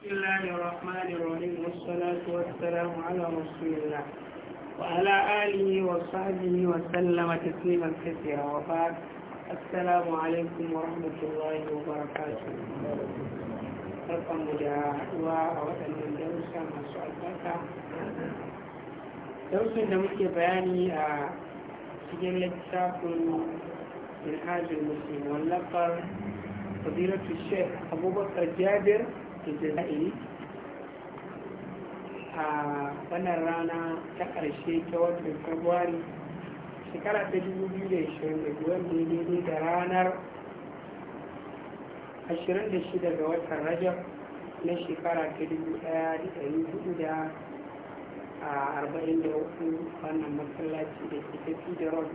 بسم الله الرحمن الرحيم والصلاة والسلام على رسول الله وعلى آله وصحبه وسلم تسليما كثيرا وبعد السلام عليكم ورحمة الله وبركاته رقم جاءوا من الدرس ما سألتك درس دمك بياني آه، سجل لكتاب منهاج المسلم واللقب فضيلة الشيخ أبو بكر جابر isra'ili a wannan rana ta ƙarshe ta watan februari shekara ta 2020 wanda ya daidai da ranar 26 ga watan rajab na shekara ta 1443 wannan matsalaci da ke tafi da rom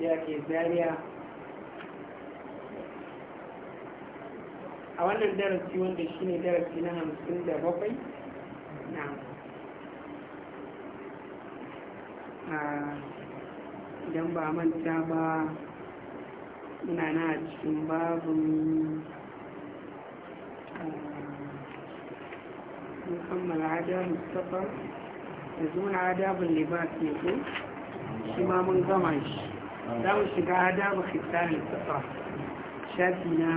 ya ke zariya a wannan darasi wanda shi ne darasi na hamsin da bakwai na idan ba manta ba muna na cikin babin muhammad ada mustapha da zuwa adabin libas ne ko shi ma mun gama shi za mu shiga adabin khitar mustapha shafi na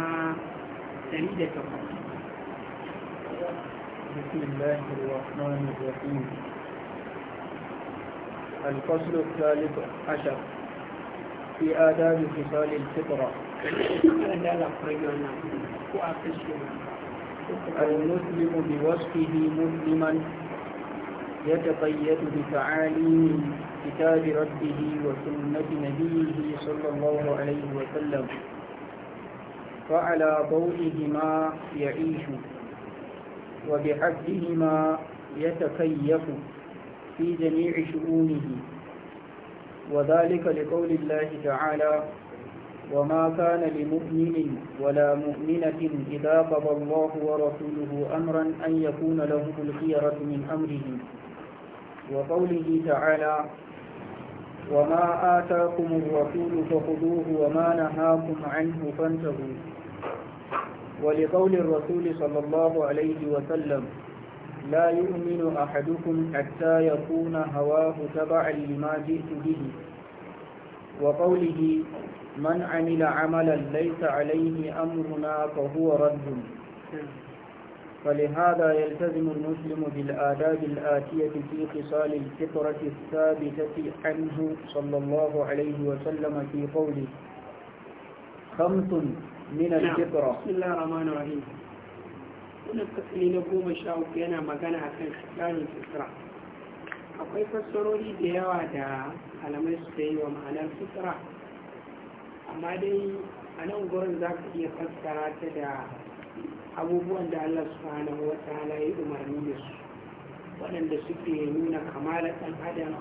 بسم الله الرحمن الرحيم الفصل الثالث عشر في آداب خصال الفطرة المسلم بوصفه مسلما يتقيد بتعاليم كتاب ربه وسنة نبيه صلى الله عليه وسلم فعلى ضوئهما يعيش وبحسبهما يتكيف في جميع شؤونه وذلك لقول الله تعالى وما كان لمؤمن ولا مؤمنة إذا قضى الله ورسوله أمرا أن يكون لهم الخيرة من أمرهم وقوله تعالى وما آتاكم الرسول فخذوه وما نهاكم عنه فانتهوا ولقول الرسول صلى الله عليه وسلم لا يؤمن أحدكم حتى يكون هواه تبعا لما جئت به وقوله من عمل عملا ليس عليه أمرنا فهو رد فلهذا يلتزم المسلم بالآداب الآتية في خصال الفطرة الثابتة عنه صلى الله عليه وسلم في قوله خمس min al-fitra bismillahir rahmanir rahim wannan kasali na goma sha uku yana magana a kan tsarin fitra akwai fassarori da yawa da alamai suka yi wa ma'anar fitra amma dai a nan gurin za ka iya fassara ta da abubuwan da Allah subhanahu wa ta'ala ya umarni da su waɗanda suke nuna kamalar ɗan adam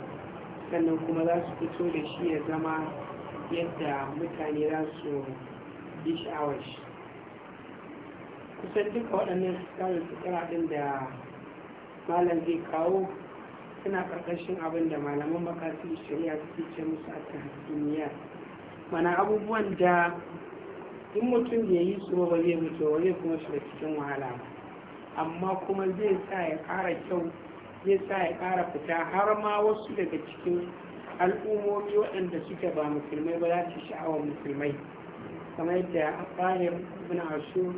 sannan kuma za su fito da shi ya zama yadda mutane za su sha'awar shi kusan duka waɗannan tsarin tsara ɗin da malam zai kawo suna ƙarƙashin abin da malaman makasu shari'a suke ce musu a tahasiniya mana abubuwan da in mutum ya yi su ba zai mutu ba zai kuma shiga cikin wahala amma kuma zai sa ya ƙara kyau zai sa ya ƙara fita har ma wasu daga cikin al'ummomi waɗanda suke ba musulmai ba za su sha'awar musulmai kamar yadda tahir ibn asu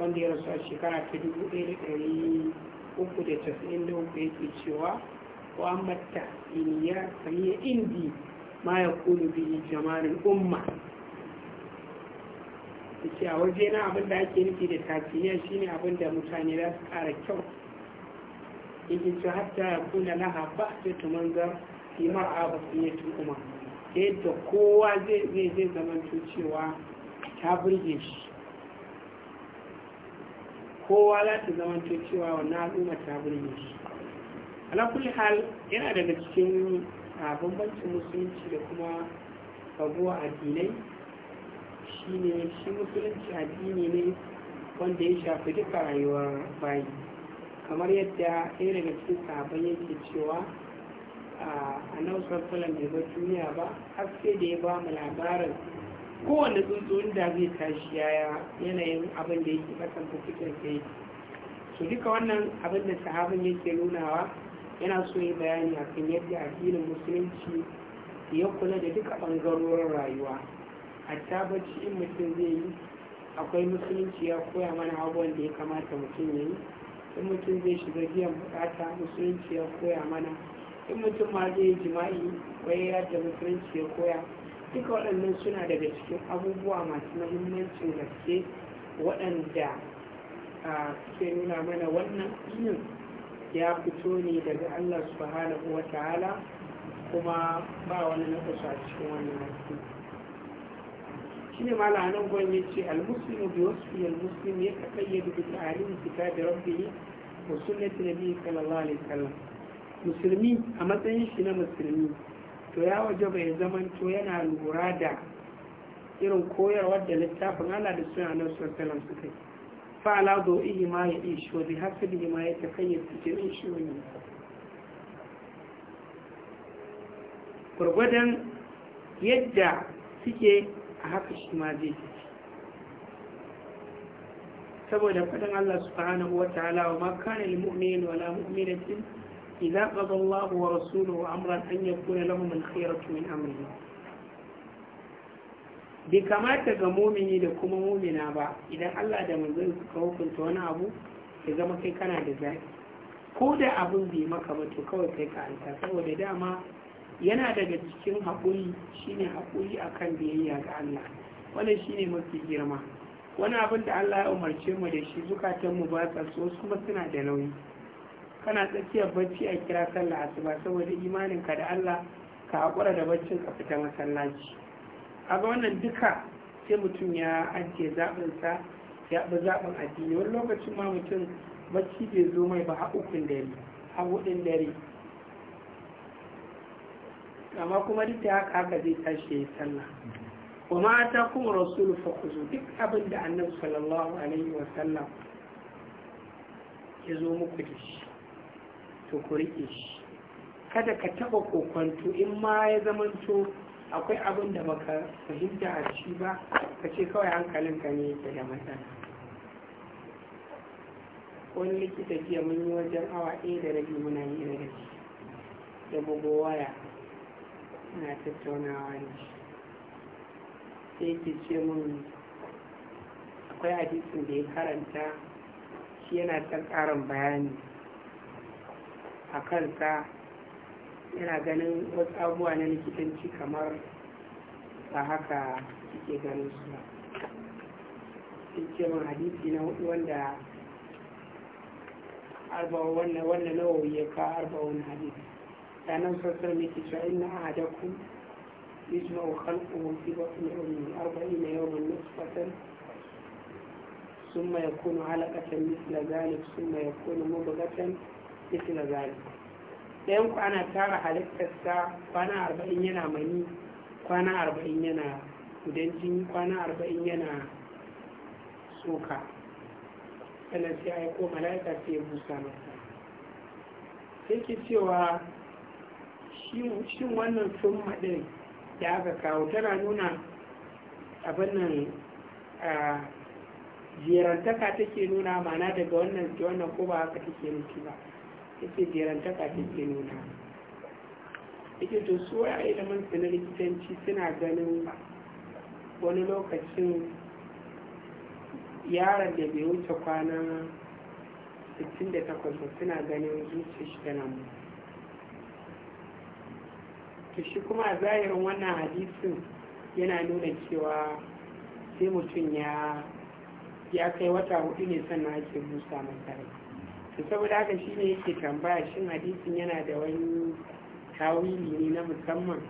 wanda ya rasu a shekara ta dubu ɗaya ɗari uku da casa'in da uku yake cewa wa mata sami ya indi ma ya kulu biyu jamarin umma ke a waje na abin da ake nufi da tasiriya shine abin da mutane za su ƙara kyau yake cewa hatta ya kuna laha ba ta tumanzar fi mar'a ba su yi tukuma yadda kowa zai zai zama cewa ta burge shi kowa za ta zamanto cewa na al'umma ta burge shi ala hal yana daga cikin bambancin musulunci da kuma raguwa addinai shine shi musulunci addini ne wanda ya shafi duka rayuwar bayi kamar yadda ɗaya daga cikin sabon yake cewa a nausar salon da bar duniya ba har sai da ya ba mu labarin kowane tsuntsu inda zai tashi yaya yanayin abin da yake kasanta cikin sai su duka wannan abin da sahabin yake nunawa yana so yi bayani akan yadda addinin musulunci ya kula da duka ɓangarorin rayuwa hatta bacci in mutum zai yi akwai musulunci ya koya mana abubuwan da ya kamata mutum ya yi in mutum zai shiga biyan bukata musulunci ya koya mana in mutum ma zai yi jima'i wai yadda musulunci ya koya duka waɗannan suna daga cikin abubuwa masu mahimmancin gaske waɗanda suke nuna mana wannan inin ya fito ne daga allah subhanahu wa ta'ala kuma ba wani na a cikin wannan haske shi ne mala nan gwan ya ce almuslimu bi wasfi almuslim ya taqayyadu bi ta'alim kitab rabbih wa sunnati nabiyyi sallallahu alaihi wasallam musulmi a matsayin shi na musulmi to ya waje bai zaman to yana lura da irin koyarwar da littafin Allah da suna nan sallallahu suka yi fa ala zo ihi ma ya shi, wa bi hasbi ma ya takayyar cikin shi wani gurgurdan yadda suke a haka shi ma zai ci saboda faɗin Allah subhanahu wa ta'ala wa ma kana lil mu'minin wala mu'minatin إذا قضى الله ورسوله أمرا أن يكون لهم الخيرة من أمره bai kamata ga momini da kuma momina ba idan Allah da manzon suka hukunta wani abu ya zama kai kana da zafi ko da abin bai maka ba kawai kai ka anta saboda dama yana daga cikin haƙuri shine haƙuri kan biyayya ga Allah wannan shine mafi girma wani abin da Allah ya umarce mu da shi zukatan mu ba so kuma suna da nauyi kana tsakiyar bacci a kira sallah asuba saboda imaninka da Allah ka haƙura da baccin ka fita masallaci a ga wannan duka sai mutum ya ajiye zaɓinsa ya bi zaɓin addini wani lokacin ma mutum bacci bai zo mai ba har dare har dare amma kuma duk da haka haka zai tashi ya sallah wa ma ta kuma rasulu fa kuzo duk abin da annabi sallallahu alaihi wa sallam ya zo muku da shi to ku rike shi kada ka taɓa kokonto in ma ya zamanto akwai abin da baka fahimta a shi ba ka ce kawai hankalinka ne yake da matsala wani likita jiya mun yi wajen awa ɗaya da rabi muna yi da shi da bugo waya tattaunawa ne sai ke ce mun akwai hadisin da ya karanta shi yana son ƙarin bayani a kansa yana ganin wasu abubuwa na likitanci kamar ba haka suke ganin su ba sun ce man hadithi na hudu wanda wannan nawawi ya ka arba'un hadisi sanan sassan miki cewa ina a hadaku yusma ukan ƙunfi ba su ne arba'in na yau man nusu sun ma ya kunu halakatan misla zalik sun ma ya kunu mabagatan na zari ɗayan kwana ana tara halittarsa kwana arba'in yana mani kwana arba'in yana gudan kwana arba'in yana tsoka sannan sai ko mala'ika sai ya busa masa sai ke cewa shin wannan sun maɗin da aka kawo tana nuna abin nan a ziyarantaka take nuna mana daga wannan wannan ko ba haka take nufi ba yake jerantaka take nuna yake to su a da na likitanci suna ganin wani lokacin yaron da bai wuce kwana 68 suna ganin zuciya shi tana mu to shi kuma a zahirin wannan hadisin yana nuna cewa sai mutum ya kai wata hudu ne sannan ake busa masa to saboda haka shi ne yake tambaya shin hadisin yana da wani tawili ne na musamman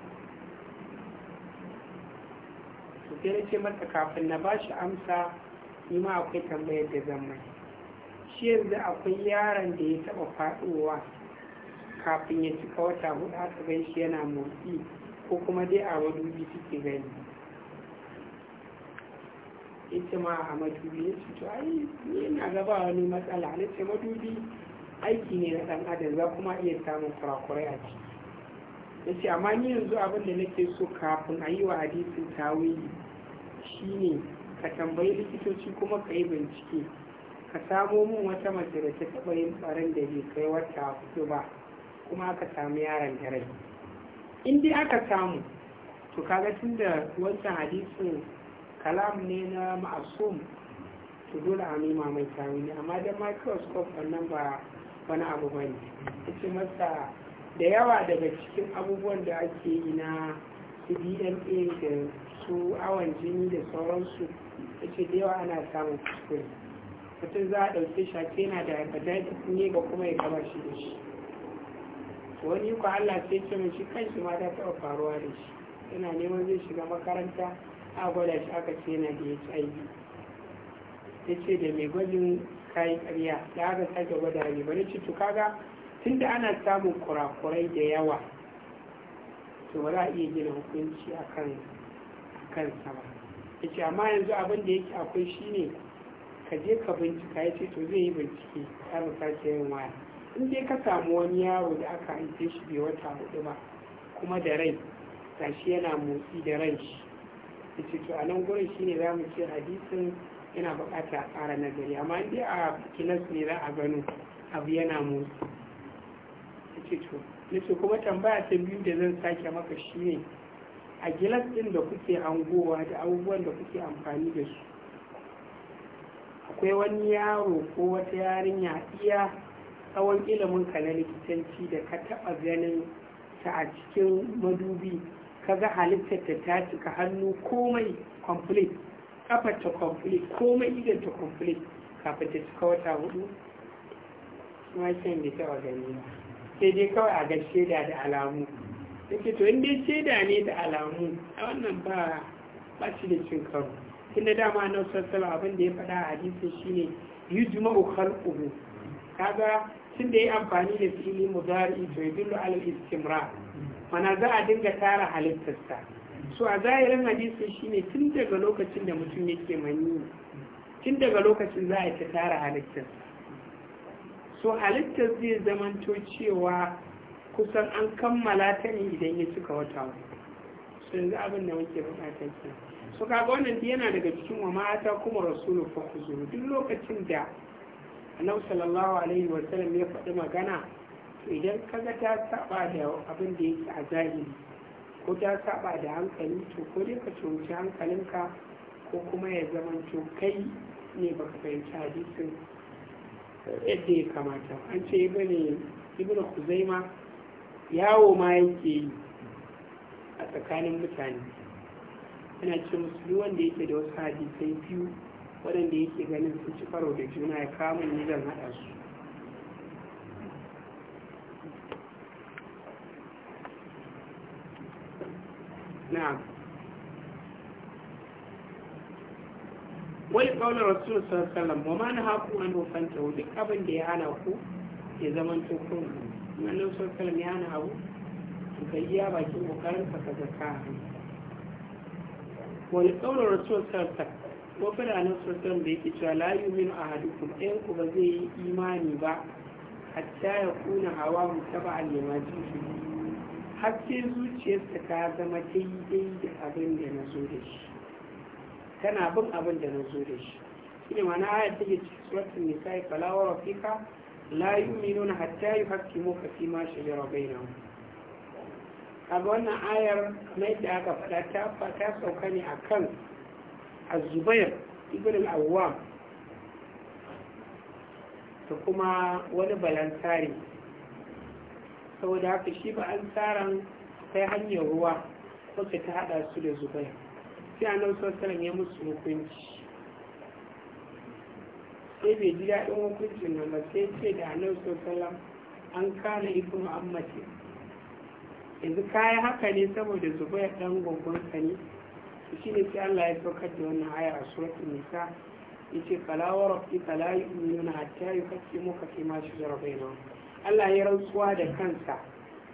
su ce masa kafin na ba shi amsa ni ma akwai tambayar da zama. shi yanzu akwai yaron da ya taba faɗowa kafin ya cika wata hudu a gan shi yana motsi ko kuma dai a madubi suke gani ita ma a madubi ya ce to ai ni gaba wani matsala na ce madubi aiki ne na ɗan adam za kuma iya samun kurakurai a ciki ya ce amma ni yanzu abin da nake so kafin a yi wa hadisin tawili shine ka tambayi likitoci kuma ka yi bincike ka samo min wata mace da ta taɓa yin ɓarin da bai kai wata hudu ba kuma aka samu yaron da in dai aka samu to kaga tun da wancan hadisin kalam ne na ma'asum to dole a nema mai ne, amma da microscope wannan ba wani abu ba ne ita masa da yawa daga cikin abubuwan da ake yi na dna da su awon jini da sauransu ita da yawa ana samun kuskure mutum za a ɗauke shi a yana da hepatitis ne ba kuma ya kaba shi da shi wani ko Allah sai ce mai shi kanshi ma ta taɓa faruwa da shi yana neman zai shiga makaranta a gwada shi aka ce na da hiv ya ce da mai gwajin kayan karya da aka sake gwada ne bane ci to kaga tunda ana samun kurakurai da yawa to ba za a iya gina hukunci a kan sama ya ce amma yanzu abin da yake akwai shine ka je ka bincika ya ce to zai yi bincike har mu sake yin waya in dai ka samu wani yaro da aka haife shi bai wata hudu ba kuma da rai gashi yana motsi da ran shi ce to a nan gurin shine za mu ce hadisin yana bukata a ƙara nazari amma dai a ne za a gano abu yana motsi ce to kuma tambaya ta biyu da zan sake maka shine a gilas ɗin da kuke angowa da abubuwan da kuke amfani da su akwai wani yaro ko wata yarinya iya tsawon ilimin ka na likitanci da ka taɓa ganin ta a cikin madubi ka ga halittar ta ta cika hannu komai complete kafar ta complete komai idan ta complete kafin ta cika wata hudu shan da ta gani sai dai kawai a ga shaida da alamu yake to inda shaida ne da alamu a wannan ba ba shi da cin karo da dama na sassala abin da ya faɗa a hadisin shine yujma'u khalquhu kaga tun da ya amfani da fili mudari to yadullu ala al-istimrar mana za a dinga tara halittarsa so a zahirin hadisi shine tun daga lokacin da mutum yake mani tun daga lokacin za a ta tara halittarsa so halittar zai zamanto cewa kusan an kammala ta ne idan ya cika wata wata so yanzu abin da muke bukata kenan so kaga wannan yana daga cikin wa mata kuma rasulu fa duk lokacin da annabi sallallahu alaihi wa sallam ya faɗi magana idan kaga ta saba da abin da yake a zahiri ko ta saba da hankali to ko dai ka cuci hankalinka ko kuma ya zama to kai ne baka fahimci hadisin yadda ya kamata an ce ibn ibn kuzaima yawo ma yake yi a tsakanin mutane yana ce musu wanda yake da wasu hadisai biyu waɗanda yake ganin sun ci karo da juna ya kama ni zan haɗa su Wani wai kaunar rasul sallallahu wa ma na haku an hofanta duk abin da ya hana ku ya zama tukun annabi sallallahu ya hana abu to kai iya bakin kokarin ka ka zaka wani kaunar rasul sallallahu ko fara annabi sallallahu da yake cewa la yu'minu ahadukum ɗayan ku ba zai yi imani ba hatta ya kuna hawa mu mutaba'an lima jishi haske zuciyarsa ta zama daidai da abin da na zo da shi tana bin abin da na zo da shi ne mana ayat take cikin suratul nisa'i fala wa rafika la yu'minuna hatta yuhaqqimuka fi ma shajara bainahum kaga wannan ayar na yadda aka faɗa ta fata sauka ne a kan azubayar ibn al-awwam da kuma wani balantari saboda haka shi ba an tsara sai hanyar ruwa wacce ta hada su da zubai sai a nan sassanin ya musu hukunci sai bai ji daɗin hukuncin nan ba sai ce da a nan sassanin an kana ibn ammatin yanzu kaya haka ne saboda zubai ɗan gwaggonsa ne shi ne sai Allah ya saukar da wannan haya a suratul nisa yace fala wa rabbika la yu'minuna hatta yuhaqqimuka fi ma shajara bainahum Allah ya rantsuwa da kansa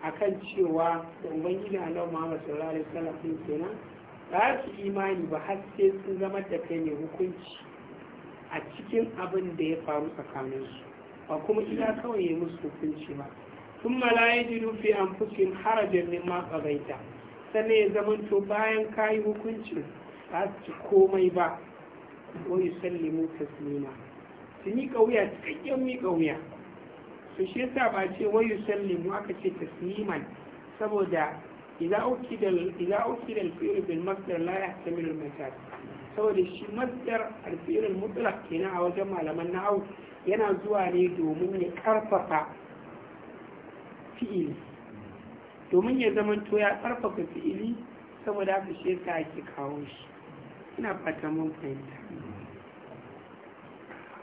a kan cewa da ubangiji annabi Muhammad sallallahu alaihi wasallam din kenan ba su imani ba har sai sun zama da kai mai hukunci a cikin abin da ya faru tsakaninsu ba kuma ina kawai ya musu hukunci ba sun malaye jiru rufe an harajen harajin min matsagaita sannan ya zamanto bayan kayi hukuncin ba su ci komai ba ko yi sallimu taslima su miƙa wuya cikakken miƙa wuya to shi yasa ba ce wayu sallimu aka ce tasliman saboda idza ukidal idza ukidal fil bil masdar la yahtamilu al saboda shi masdar al-fi'l mutlaq kenan a wajen malaman nahwu yana zuwa ne domin ya karfafa fi'ili domin ya zamanto ya karfafa fi'ili saboda haka shi yasa ake kawo shi ina fatan mun fahimta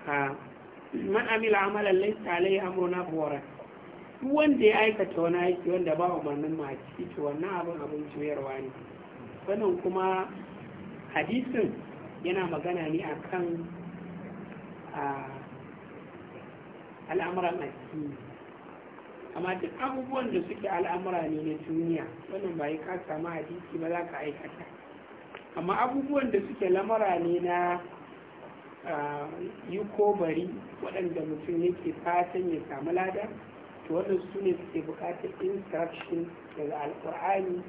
ah. man amila amalan laysa alayhi amruna fa wara duk wanda ya aikata wani aiki wanda ba umarnin ma ciki to wannan abin abin juyarwa ne wannan kuma hadisin yana magana ne akan al'amuran addini amma duk abubuwan da suke al'amura ne na duniya wannan ba yi ka samu hadisi ba za ka aikata amma abubuwan da suke lamura ne na yi ko bari waɗanda mutum yake fatan ya samu lada to waɗansu su ne suke buƙatar instruction daga alƙur'ani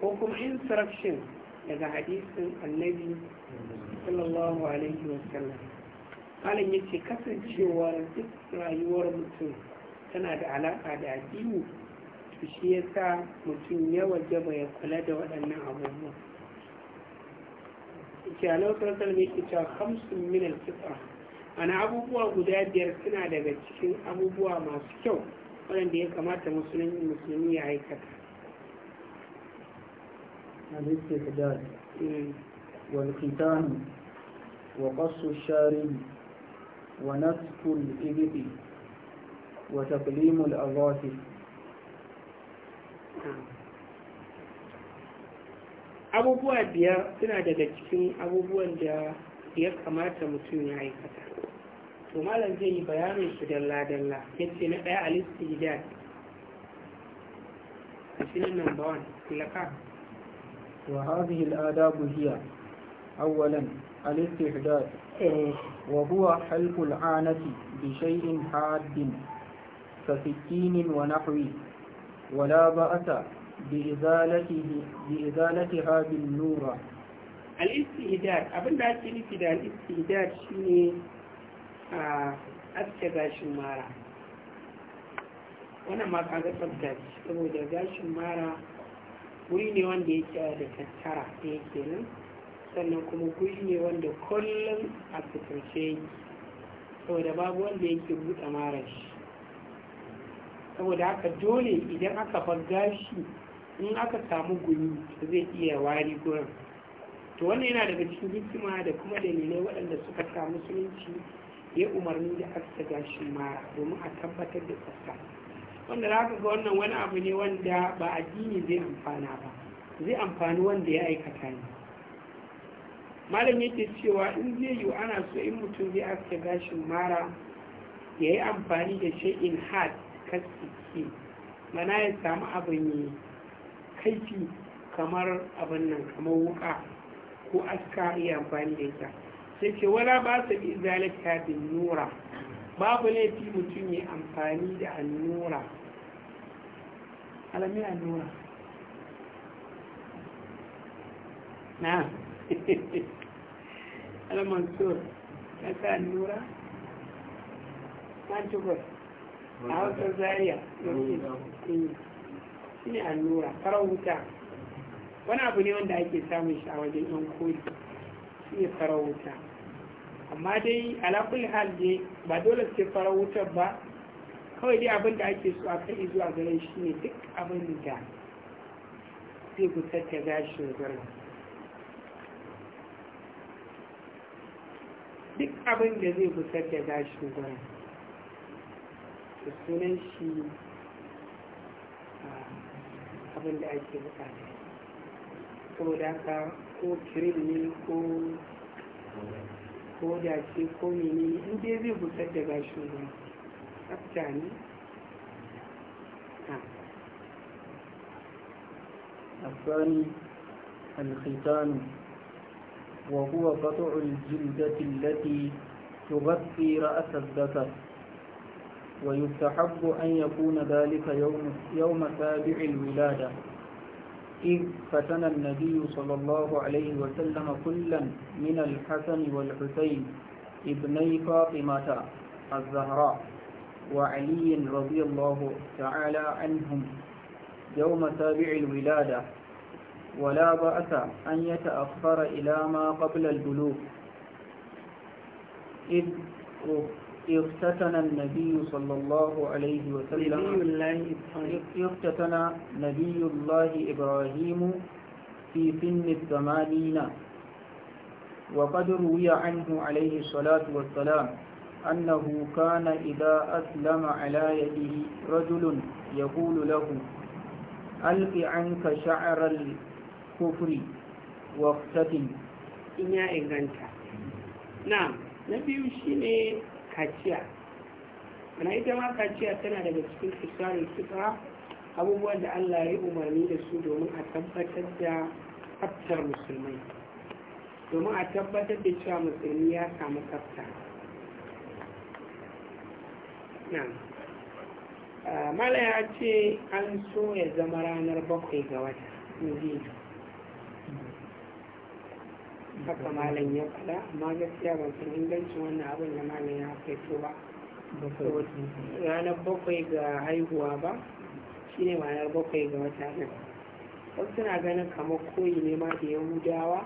ko kuma instruction daga hadisin annabi sallallahu alaihi wasallam malam ya ce kasancewar duk rayuwar mutum tana da alaƙa da addini to shi yasa mutum yawa jaba ya kula da waɗannan abubuwa ce a lokacin salmi ke minal fitra ana abubuwa guda biyar suna daga cikin abubuwa masu kyau waɗanda ya kamata musulmi ya aikata الاستهداد والختان وقص الشارب ونسك الإبط وتقليم الأظافر abubuwa biyar suna daga cikin abubuwan da ya kamata mutum ya aikata to malam zai yi bayanin su dalla dalla yace na daya gida istijad asinan number 1 laka وهذه الآداب هي أولا الاستحداث وهو حلق العانة بشيء حاد wa ونحوه ولا بأس بإزالتها بالنورة الاستهداد أبن داك الاستهداد الاستهداد شيني aske gashin mara wannan ma kaga tsabta ce saboda gashin mara guri ne wanda yake da tattara ɗaya kenan sannan kuma guri ne wanda kullum a fitarce yake saboda babu wanda yake buɗe mara shi saboda haka dole idan aka bar gashi in aka samu gumi zai iya wari gurin to wannan yana daga cikin hikima da kuma dalilai waɗanda suka samu musulunci ya umarni da aka gashin mara domin a tabbatar da tsaka wanda za ka ga wannan wani abu ne wanda ba addini zai amfana ba zai amfani wanda ya aikata ne malam yake cewa in zai yiwu ana so in mutum zai aske gashin mara ya yi amfani da shai'in hard kaskiki mana ya samu abin yi kaifi kamar abin nan kamar wuka ko aska iya amfani da ita sai ce wala ba su bi zalika bin nura babu laifi mutum ya amfani da annura alami annura na almansur ya sa annura ta tukur a hausar zariya shine allura farar wuta wani abu ne wanda ake samun shi a wajen yan koli ne farar wuta amma dai alakul hal ne ba dole sai farar wutar ba kawai dai abin da ake so a izu zuwa garin shi ne duk abin da zai gusar ta gashin garin duk abin da zai gusar ta gashin garin sunan shi من أجل هذا كودك كوكريني كو كوداشي كوميني إنجازي بسجد باشونا أبتاني أبتاني الختان وهو قطع الجلدة التي تغطي رأس الذكر ويستحب أن يكون ذلك يوم, يوم سابع الولادة إذ فتن النبي صلى الله عليه وسلم كلا من الحسن والحسين ابني فاطمة الزهراء وعلي رضي الله تعالى عنهم يوم سابع الولادة ولا بأس أن يتأخر إلى ما قبل البلوغ إذ افتتن النبي صلى الله عليه وسلم نبي الله افتتن نبي الله إبراهيم في سن الثمانين وقد روي عنه عليه الصلاة والسلام أنه كان إذا أسلم على يده رجل يقول له ألق عنك شعر الكفر واختتن إن يا إنغانتا نعم نبي شيني kaciya ana ita ma kaciya tana daga cikin tsari fitra abubuwan da allah ya umarni da su domin a tabbatar da tsaftar musulmai domin a tabbatar da cewa musulmi ya samu tsafta ah, mala ya ce an so ya zama ranar bakwai ga wata haka malam ya faɗa amma gaskiya ban san ingancin wannan abin da malam ya haifo ba ranar bakwai ga haihuwa ba shine ranar bakwai ga wata nan wasu suna ganin kamar koyi ne ma da yahudawa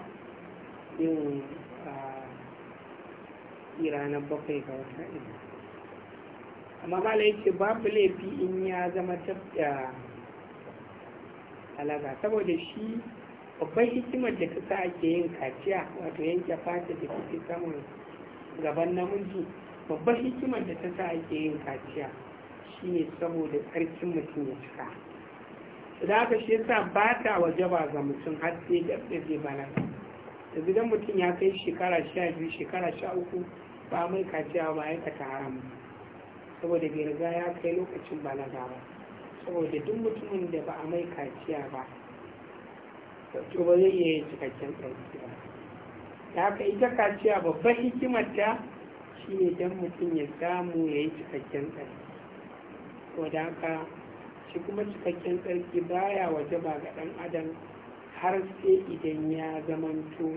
yin ranar bakwai ga wata ɗin amma ya ce babu laifi in ya zama tafiya alaga saboda shi babban hikimar da ta sa ake yin kaciya wato yanke fata da kuke saman gaban namiji babban hikimar da ta sa ake yin kaciya shine saboda tsarkin mutum ya cika da haka shi yasa ba ta waje ba ga mutum har sai da zai bana da gidan mutum ya kai shekara sha biyu shekara sha uku ba mai kaciya ba ya ka haram saboda bai riga ya kai lokacin balaga ba saboda duk mutumin da ba a mai kaciya ba to ba zai iya yin cikakken tsarki ba da haka ita kaciya babban hikimarta shine don mutum ya samu ya yi cikakken tsarki to da haka shi kuma cikakken tsarki baya waje ba ga ɗan adam har sai idan ya zamanto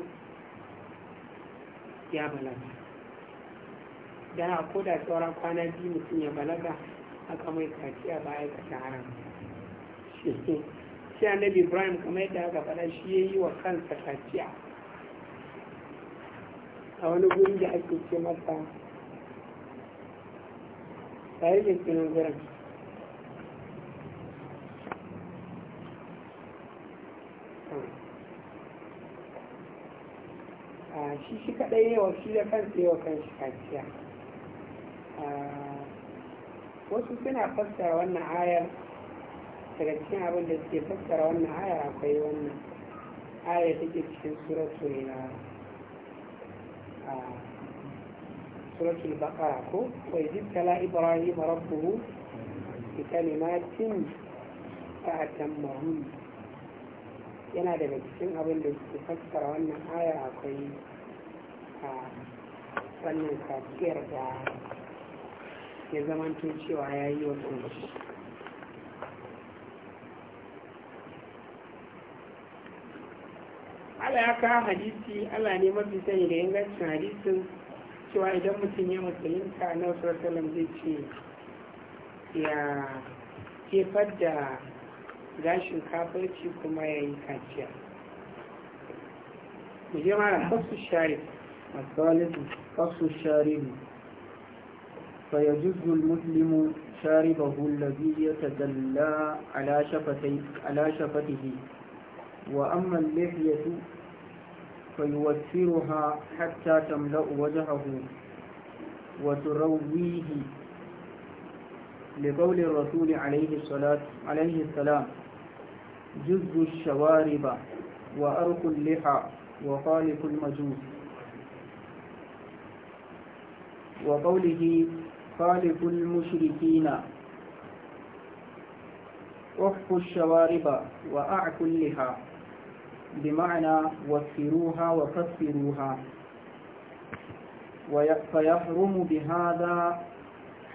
ya balaga da ko da sauran kwana biyu mutum ya balaga aka mai kaciya ba aikata haram kaciya na ibrahim kamar yadda aka faɗa shi ya yi wa kansa kaciya a wani guri da ake ce masa tare da sunan gurin shi shi kaɗai yawa shi da kansa yawa kan shi kaciya wasu suna fassara wannan ayar daga cikin abin da suke fassara wannan aya akwai wannan ta ke cikin suratul suratul baqara ko wa izibtala ibrahim rabbuhu bi kalimatin fa atammahum yana daga cikin abin da suke fassara wannan aya akwai wannan kafiyar da ya zamanto cewa ya yi wa Ala ya kawo hadisi Allah ne mafi sani da ingancin hadisin cewa idan mutum ya musulunta a nan surasalam zai ce ya kefar da gashin kafirci kuma ya yi kaciya mu je mara fasu share masalisi fasu share ne فيجز المسلم شاربه الذي يتدلى على شفته وأما اللحية فيوفرها حتى تملأ وجهه وترويه لقول الرسول عليه الصلاة عليه السلام جز الشوارب وأرق اللحى وخالق المجوس وقوله خالق المشركين أحق الشوارب وأعك اللحى بمعنى وفروها وكفروها فيحرم بهذا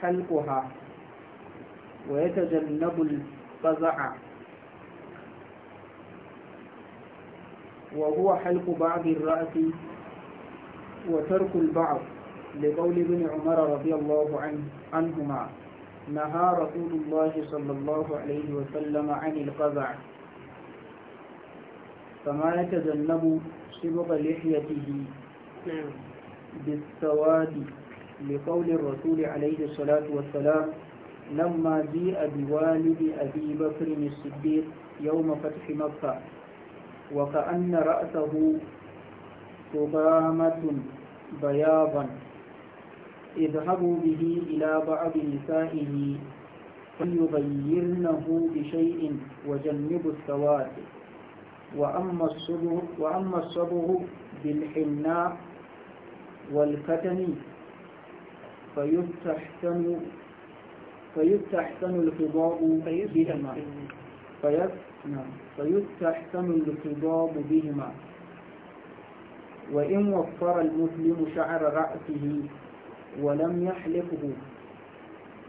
حلقها ويتجنب الفزع وهو حلق بعض الرأس وترك البعض لقول ابن عمر رضي الله عنه عنهما نهى رسول الله صلى الله عليه وسلم عن القزع فما يتجنب شبط لحيته نعم بالسواد لقول الرسول عليه الصلاة والسلام لما جيء بوالد أبي بكر الصديق يوم فتح مكة وكأن رأسه صبامة بياضا اذهبوا به إلى بعض نسائه فليغيرنه بشيء وجنبوا السواد وأما الصبغ, وأما الصبغ بالحناء والكتم فيستحسن فيستحسن الخضاب بهما نعم. فيستحسن الخضاب بهما وإن وفر المسلم شعر رأسه ولم يحلقه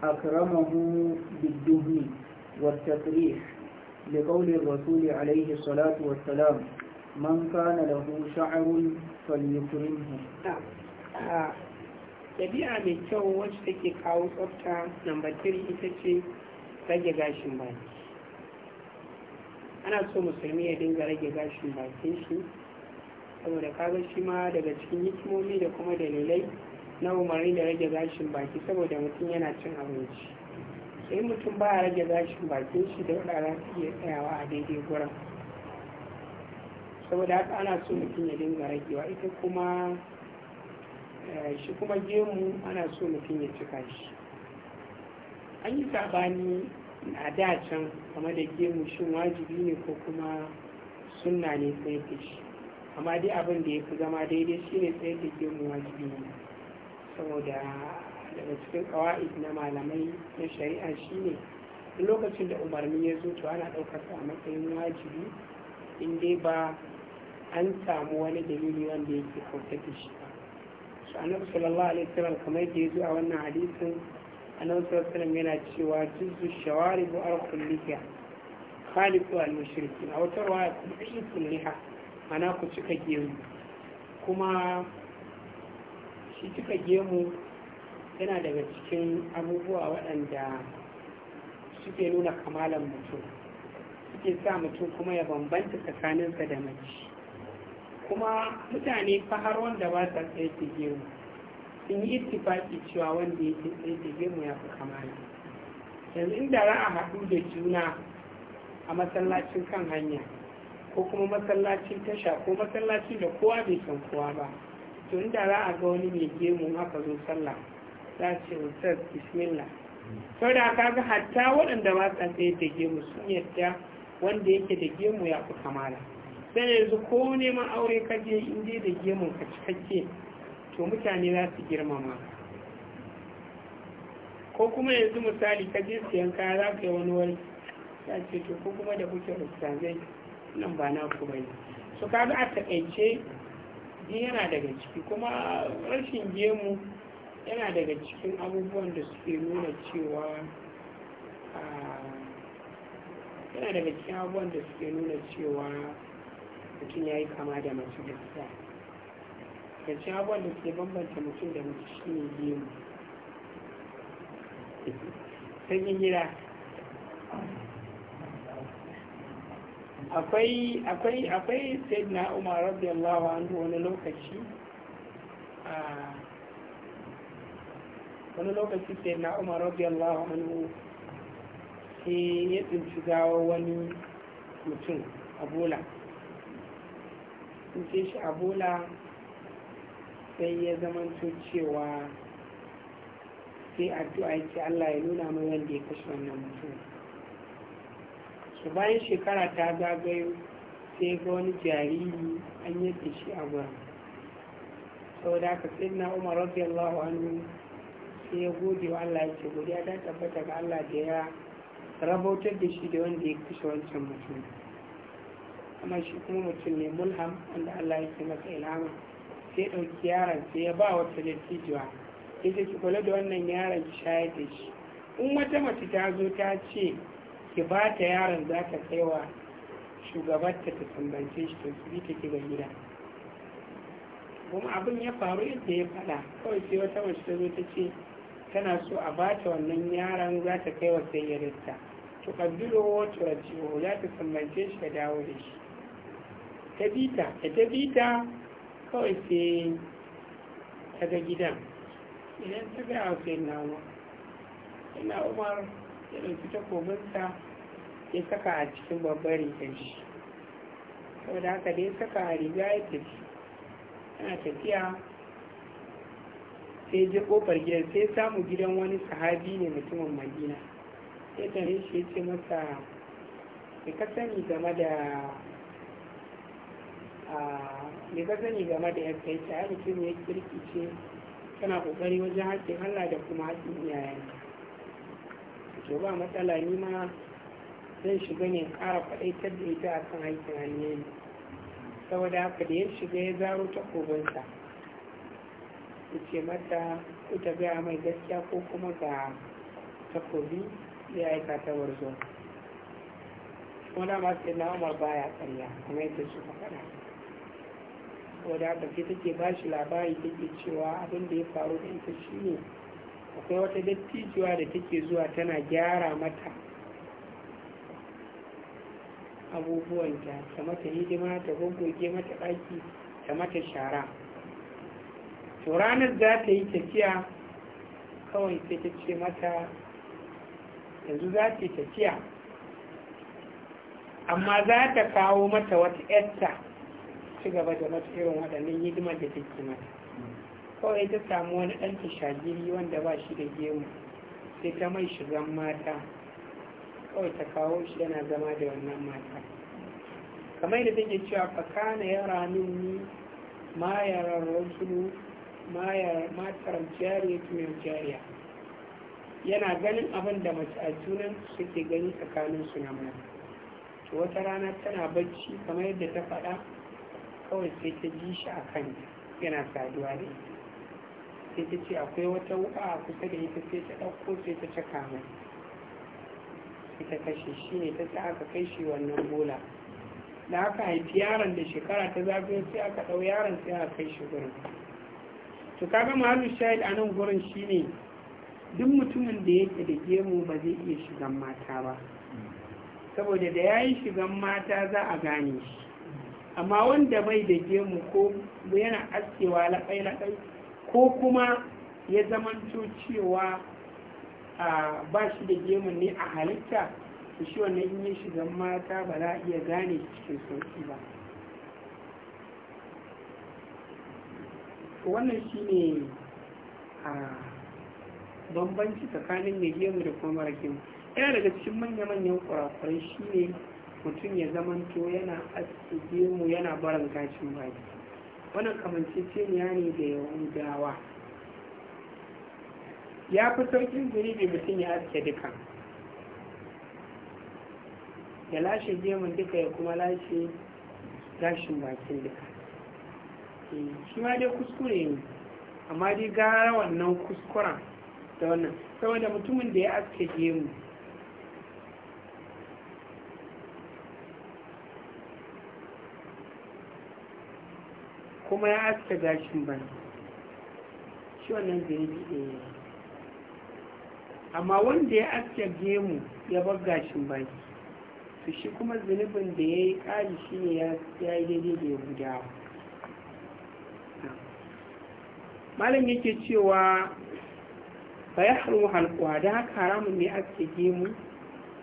أكرمه بالدهن والتسريح لقول الرسول عليه الصلاة والسلام من كان له شعر فليكرمه ɗabi'a mai kyau wacce take kawo tsafta namba tiri ita ce rage gashin baki ana so musulmi ya dinga rage gashin bakin shi saboda kaga shi ma daga cikin hikimomi da kuma dalilai na umarni da rage gashin baki saboda mutum yana cin abinci sai mutum ba a rage zashin bakin shi da wadda su iya tsayawa a daidai gurin saboda haka ana so mutum ya dinga ragewa ita kuma eh, shi kuma gemu ana so mutum ya cika shi an yi sabani a da can kama da gemu shin wajibi ne ko kuma sunna ne sai shi amma dai abin da ya fi zama daidai shine sai da gemu wajibi ne saboda daga cikin ƙawai na malamai na shari'a shine lokacin da umarni ya zo to ana ɗaukar a matsayin wajibi in dai ba an samu wani dalili wanda yake kautar da shi ba su annabi sallallahu alaihi wasallam kamar da ya zo a wannan hadisin annabi sallallahu alaihi yana cewa juzzu shawari, wa kulliya khaliqu al mushrikin a wutarwa kuma ana ku cika gemu kuma shi cika gemu yana daga cikin abubuwa waɗanda suke nuna kamalan mutum suke sa mutum kuma ya bambanta tsakaninsa da mace kuma mutane fa har wanda ba sa tsaye gemu sun yi ittifaki cewa wanda ya ke tsaye gemu ya fi kamala yanzu inda za a haɗu da juna a masallacin kan hanya ko kuma masallacin tasha ko masallacin da kowa bai san kowa ba to inda za a ga wani mai gemu haka zo sallah za ce ustaz bismillah sau da ga hatta waɗanda ba sa sai da gemu sun yadda wanda yake da gemu ya fi kamala sai yanzu ko neman aure ka je inda da gemu ka cikakke to mutane za su girmama ko kuma yanzu misali ka je siyan kaya za ka yi wani wani ya ce to ko kuma da kuke zai nan ba na ku bane su kaga a takaice yana daga ciki kuma rashin gemu yana daga cikin abubuwan da suke nuna cewa yana daga cikin abubuwan da suke nuna cewa mutum ya yi kama da da kusa da cikin abubuwan da suke bambanta mutum da mutum shi ne gemu sanyin gida akwai akwai akwai sayyidina umar radiyallahu anhu wani lokaci a wani lokaci sai na umar radiyallahu anhu sai ya tsinci gawa wani mutum abula tsinci shi a sai ya zamanto cewa sai addu'a yake Allah ya nuna mai wanda ya kashe wannan mutum su bayan shekara ta zagayo sai ga wani jariri an yadda shi a gurin da haka sai na umar radiyallahu anhu sai ya goge wa Allah ya ce godiya ta tabbata ga Allah da ya rabautar da shi da wanda ya kashe wancan mutum amma shi kuma mutum ne mulham wanda Allah ya ce masa ilhama sai ya ɗauki yaron sai ya ba wata dattijuwa ya ce ki kula da wannan yaron ki shayar da shi in wata mace ta zo ta ce ki ba ta yaron za ta kai wa shugabanta ta tambance shi to ki ta ki ga gida kuma abin ya faru yadda ya faɗa kawai sai wata mace ta zo ta ce tana so a bata wannan yaran za ta kai wa sayyarinta to kaddiro a ciwo za ta sammance shi da dawo da shi ta bita da ta bita kawai sai ta ga gidan idan ta ga a sai na ina umar ya ɗauki takobinsa ya saka a cikin babbar rigar shi saboda haka da ya saka a riga ya tafi ana tafiya sai je kofar gidan sai samu gidan wani sahabi ne mutumin madina sai tare shi ya ce masa me ka sani game da me ka sani game da yadda ya ce a ya kirki ce tana kokari wajen haƙƙin Allah da kuma haƙƙin iyayen to ba matsala ni ma zan shiga ne ƙara faɗaitar da ita a kan haƙƙin hanyoyi saboda haka da ya shiga ya zaro takobinsa ku ce mata ku ta gaya mai gaskiya ko kuma ga takobi ya yi ta warzo kuma masu yana umar baya karya kuma yadda suka faɗa wadda haka take ba shi labari ke cewa abin da ya faru da ita shi ne akwai wata dattijuwa da take zuwa tana gyara mata abubuwanta ta mata hidima ta goggoge mata ɗaki ta mata shara to ranar za ta yi tafiya kawai sai ta ce mata yanzu za ta yi tafiya amma za ta kawo mata wata yarta ci gaba da mata irin waɗannan hidimar da take mata kawai ta samu wani ɗan shagiri wanda ba shi da gemu sai ta mai shigan mata kawai ta kawo shi yana zama da wannan mata kamar da take cewa fakana ya ramin ni ma yaran rasulu ma taramciyariyatu mai jariya yana ganin abin da mace a junan suke gani tsakanin su na mara wata rana tana bacci kamar yadda ta faɗa kawai sai ta ji shi a kan yana saduwa ne sai ta ce akwai wata wuka a kusa da ita sai ta ɗauko sai ta caka mai sai ta kashe shi ne ta sa aka kai shi wannan bola da aka haifi yaron da shekara ta zafi sai aka ɗau yaron sai aka kai shi gurin to kaga mahallin shahid a nan gurin shine duk mutumin da yake da gemu ba zai iya shigan mata ba saboda da ya yi shigan mata za a gane shi amma wanda bai da gemu ko yana askewa laƙai-laƙai ko kuma ya zamanto cewa ba shi da gemun ne a halitta shi wannan in shigan mata ba za a iya gane cikin sauki ba wannan shi ne a bambanci tsakanin mai gemu da kuma mara gemu yana daga cikin manya-manyan kurakurai shi ne mutum ya zamanto yana aske mu yana barin gashin baki wannan ce ne da gawa. ya fi sauƙin zunubi mutum ya aske duka ya lashe gemun duka ya kuma lashe gashin bakin duka shi ma dai kuskure ne amma dai gara wannan kuskuren da wannan saboda mutumin da ya aske gemu kuma ya aske gashin ba. shi wannan da ya ɗaya amma wanda ya aske gemu ya bar gashin baki shi kuma zunubin da ya yi ƙari shi ne ya yi daidai da ya gudawa malam yake cewa fa ya harmu halkuwa da haka haramun ne ake gemu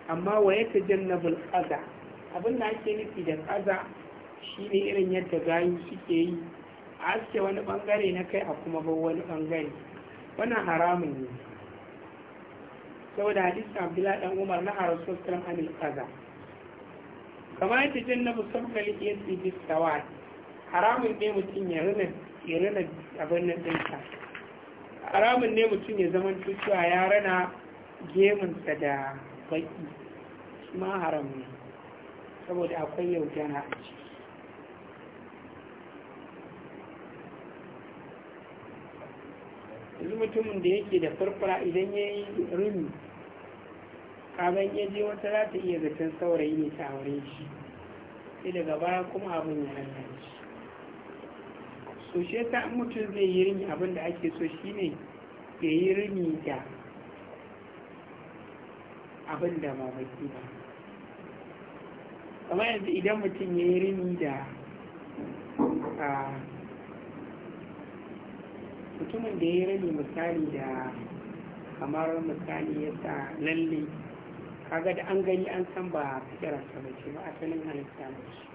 amma wa ya ta jannabul ƙaza abin da ake nufi da ƙaza shi ne irin yadda gayu suke yi a aske wani ɓangare na kai a kuma ba wani ɓangare wannan haramun ne saboda hadisin abdullahi dan umar na harasul kalam anil ƙaza kamar yadda jannabu yi yasi bisawa haramun ne mutum ya rina ya rina abin nan ɗinsa haramun ne mutum ya zama cewa ya rana gemunsa da baki shi ma haram ne saboda akwai yaudana a ciki yanzu mutumin da yake da farfara idan ya yi rumi kaban ya je wata za ta iya zaton saurayi ne ta wurin shi sai daga baya kuma abin ya lalace to shi yasa in mutum zai yi rini abin da ake so shine ya yi rini da abin da ba baki ba kamar yanzu idan mutum ya yi rini da mutumin da ya yi rini misali da kamar misali ya sa lalle kaga da an gani an san ba fitararsa ba ce ba asalin halitta ba ce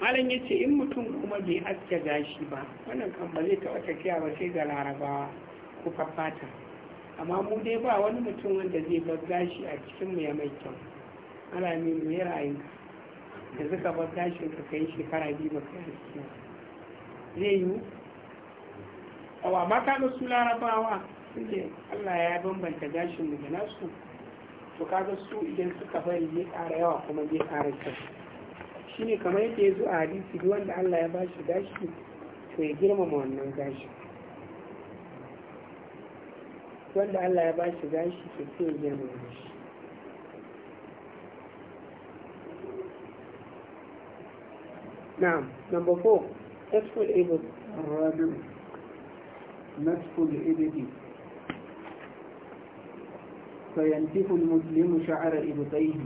malam ya ce in mutum kuma bai haske gashi ba wannan kan ba zai taɓa tafiya ba sai ga larabawa ko fafata amma mu dai ba wani mutum wanda zai bar gashi a cikin mu ya mai kyau ana mai ya rayu da suka bar gashin ka kai shekara biyu ba kai haske ba. zai yiwu awa ma ga su larabawa suke Allah ya bambanta gashin mu da nasu to kaga su idan suka bari zai ƙara yawa kuma zai ƙara kyau shine kamar yadda ya a hadisi duk wanda Allah ya ba shi gashi to ya girmama wannan gashi wanda Allah ya ba shi gashi to sai ya girmama shi number نعم نمبر فور نتف الإبل الرابع نتف الإبل فينتف المسلم شعر إبطيه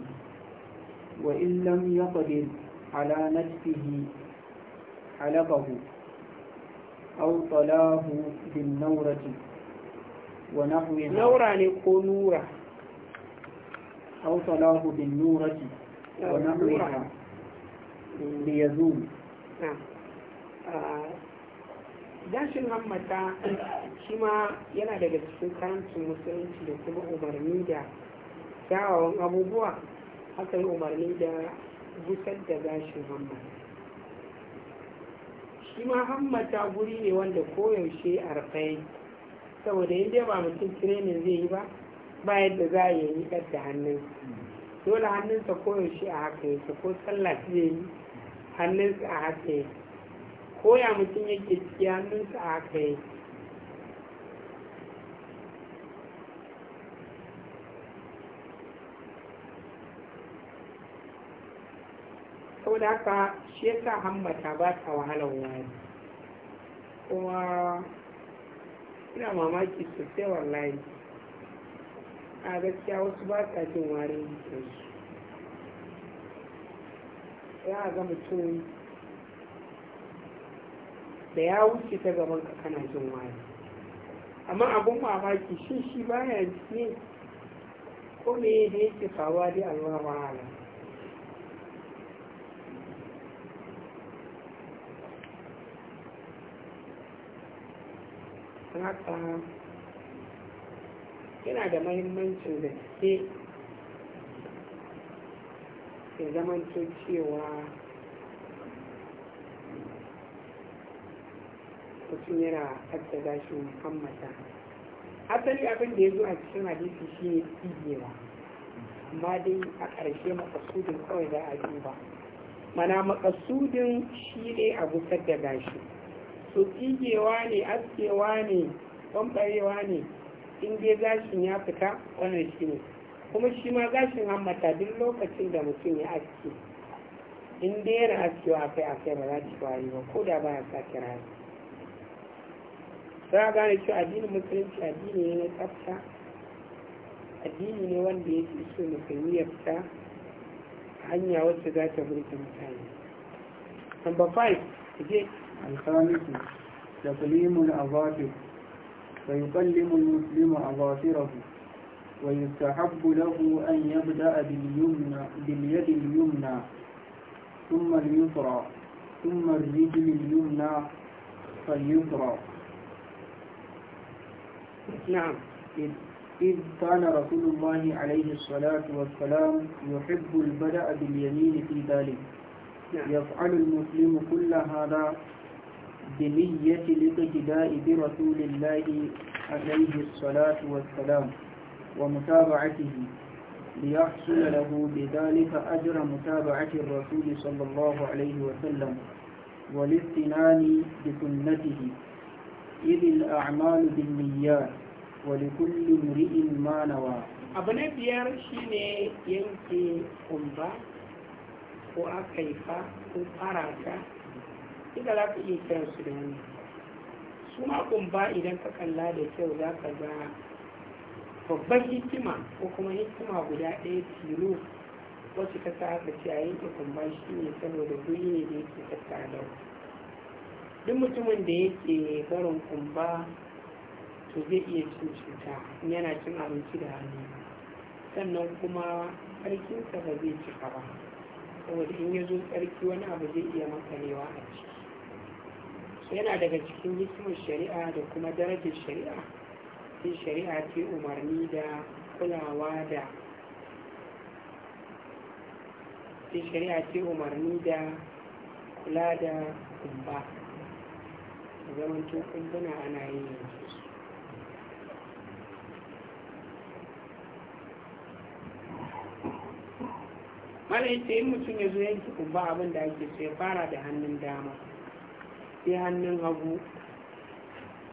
وإن لم يقدر على نفسه علقه أو طلاه بالنورة ونحوها نورة نقول نورة أو طلاه بالنورة ونحوها ليزول dashin hammata shi ma yana daga cikin karancin musulunci da kuma umarni da kyawawan abubuwa aka yi umarni da gusar da gashin hamma shi ma ta guri ne wanda koyaushe a rufe saboda yadda ba mutum tirenin zai yi ba ba yadda za a yi da hannun dole hannunsa koyaushe a haka yake ko sallah zai yi hannunsa a haka yake koya mutum yake ciki hannunsa a haka yake saboda haka shi yasa hammata ba ta wahalar wari kuma ina mamaki sosai wallahi a gaskiya wasu ba sa jin warin jikinsu ya a ga mutum da ya wuce ta gaban ka kana jin wari amma abin mamaki shi shi baya ne ko me da yake faruwa dai Allah wa'ala don haka yana da mahimmancin da ke ya zamanto cewa mutum yana tattara shi muhammata asali abin da ya zo a cikin hadisi shi ne tsigewa amma dai a ƙarshe makasudin kawai za a duba mana makasudin shi ne a busar da gashi to tsigewa ne askewa ne ɓamɓarewa ne in dai gashin ya fita wannan shi ne kuma shi ma gashin hammata duk lokacin da mutum ya aske in dai yana askewa akai akai ba za ci wari ba ko da ba ya sa kirari za gane cewa addinin musulunci addini ne na tsafta addini ne wanda ya fi so musulmi ya fita hanya wacce za ta burge mutane number five je الخامس تقليم الأظافر فيقلم المسلم أظافره ويستحب له أن يبدأ باليمنى باليد اليمنى ثم اليسرى ثم الرجل اليمنى فاليسرى نعم إذ كان رسول الله عليه الصلاة والسلام يحب البدء باليمين في ذلك نعم. يفعل المسلم كل هذا بنية الاقتداء برسول الله عليه الصلاة والسلام ومتابعته ليحصل له بذلك أجر متابعة الرسول صلى الله عليه وسلم والاستنان بسنته إذ الأعمال بالنيات ولكل امرئ ما نوى abu na biyar shine yanke kumba ko akaifa ko farata inda za ka iya kiran su da wani su ma kumba idan ka kalla da kyau za ka ga babban hikima ko kuma hikima guda ɗaya tilo wacce ka sa aka ce a yi yanke kumba shi ne saboda guri ne da yake tattara da duk mutumin da yake barin kumba to zai iya cin cuta yana cin abinci da hannu sannan kuma tsarkinta ba zai cika ba saboda in ya zo tsarki wani abu zai iya makarewa a ciki yana daga cikin hikimar shari'a da kuma darajar shari'a sai shari'a ce umarni da kulawa da sai shari'a ce umarni da kula da kumba tukun kumbuna ana yi yanzu mana ita yin mutum ya zo yanki kumba abin da ake sai fara da hannun dama sai hannun hagu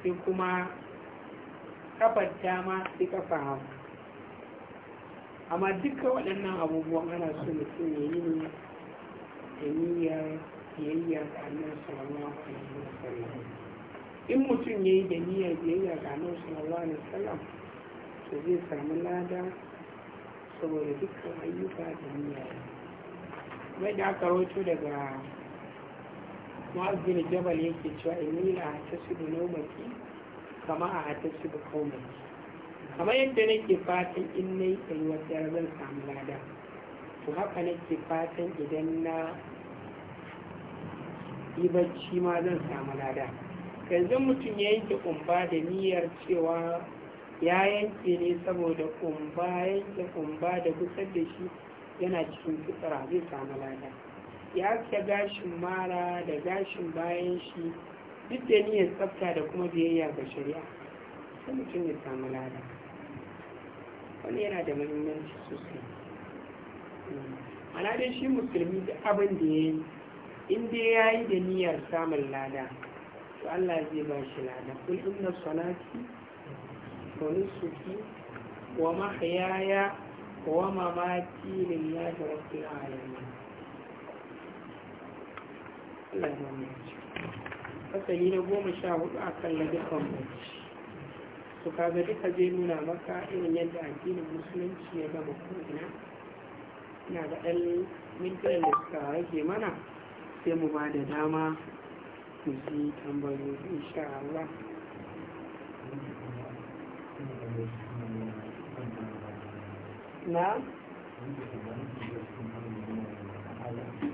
sai kuma kafar dama sai kafa hagu amma duka waɗannan abubuwan ana so mutum ya yi ne da niyyar biyayya ga annabi sallallahu alaihi wasallam in mutum ya yi da niyyar biyayya ga annabi sallallahu alaihi su to zai samu lada saboda dukkan ayyuka da niyyar mai da aka daga mu'azzin jabal yake cewa inni la hatasibu nawmati kama a hatasibu qaumati kamar yadda nake fatan in nayi tsayuwar zan samu lada to haka nake fatan idan na yi bacci ma zan samu lada yanzu mutum ya yanke kumba da niyyar cewa ya yanke ne saboda kumba yanke kumba da kusa da shi yana cikin fitsara zai samu lada ya haske gashin mara da gashin bayan shi duk da niyan tsafta da kuma biyayya ga shari'a sai mutum ya samu lada wani yana da muhimmanci sosai ana dai shi musulmi da abin da ya yi in dai ya yi da niyyar samun lada to Allah zai ba shi lada kul inna salati wa nusuki wa mahyaya wa mamati lillahi rabbil alamin Allah ya na goma sha hudu a kan na dukkan su kaga duka zai nuna maka irin yadda addinin musulunci ya gama ko'ina na da ɗan mintunan da suka rage mana sai mu ba da dama mu ji tambayoyi insha Allah na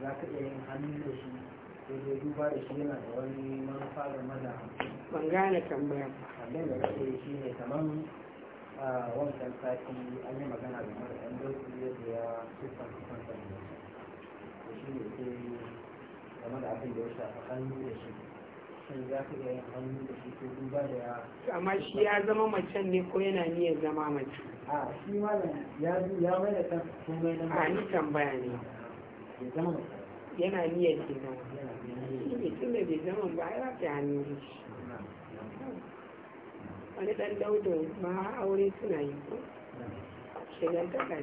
za ka iya yin hannu da shi daidai duba da shi yana da wani manufa da ban gane tambaya abin da kake shi ne kamar wancan sati an yi magana da mara ɗan doki yadda ya da shi ne game da abin da ya shafa hannu da shi amma shi ya zama macen ne ko yana niyyar zama mace a shi malam ya ya mai da kan a ni tambaya ne yana niyyar ke zama shi ne tun da bai zama ba ya ta hannu shi wani dan daudu ma aure suna yi ko shigar ta kawai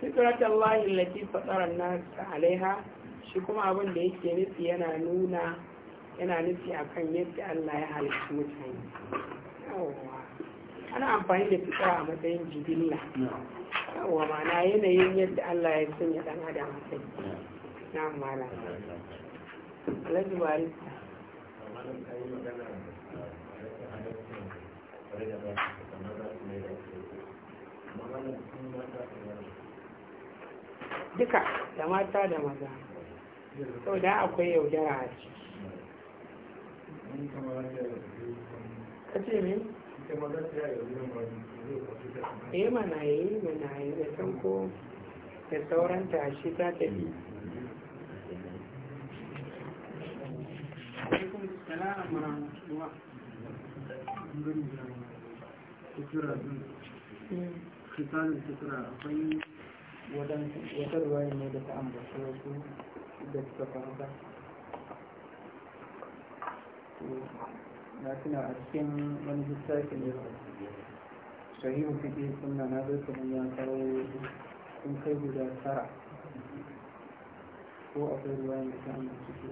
fitrat Allah allati fatara nas alaiha shi kuma abin da yake nufi yana nufi akan yadda Allah ya halitta mutane ana amfani na duka da mata da maza sau da akwai yaudara a ciki ka ce ne? ya eh, mana yi mana yi da tanko da sauranta shi ta tafi hmm. wata ruwaya ne da ta ambaci wasu da suka faru ba na tuna a cikin wani littafi ne ba sahihu fiƙi suna na zai kamar ya kawo sun kai guda tara ko akwai ruwaya da ta ambaci su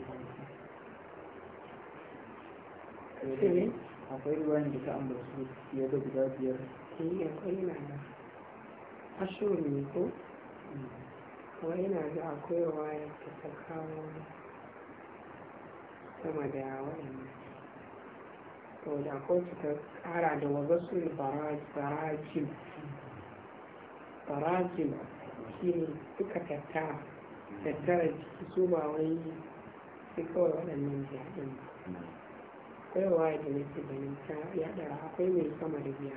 akwai ruwaya da ta ambaci fiye da guda biyar ke eh, yi akwai yana ashirin ne ko wai yana da akwai waya ta ta kawo sama da wa'annan To akwai su ta kara da wazasul barajin barajin shi ne suka tattara tattara jiki su ba wai sai kawai waɗannan ba. akwai waya da nake ganin ta yaɗa akwai mai sama da biya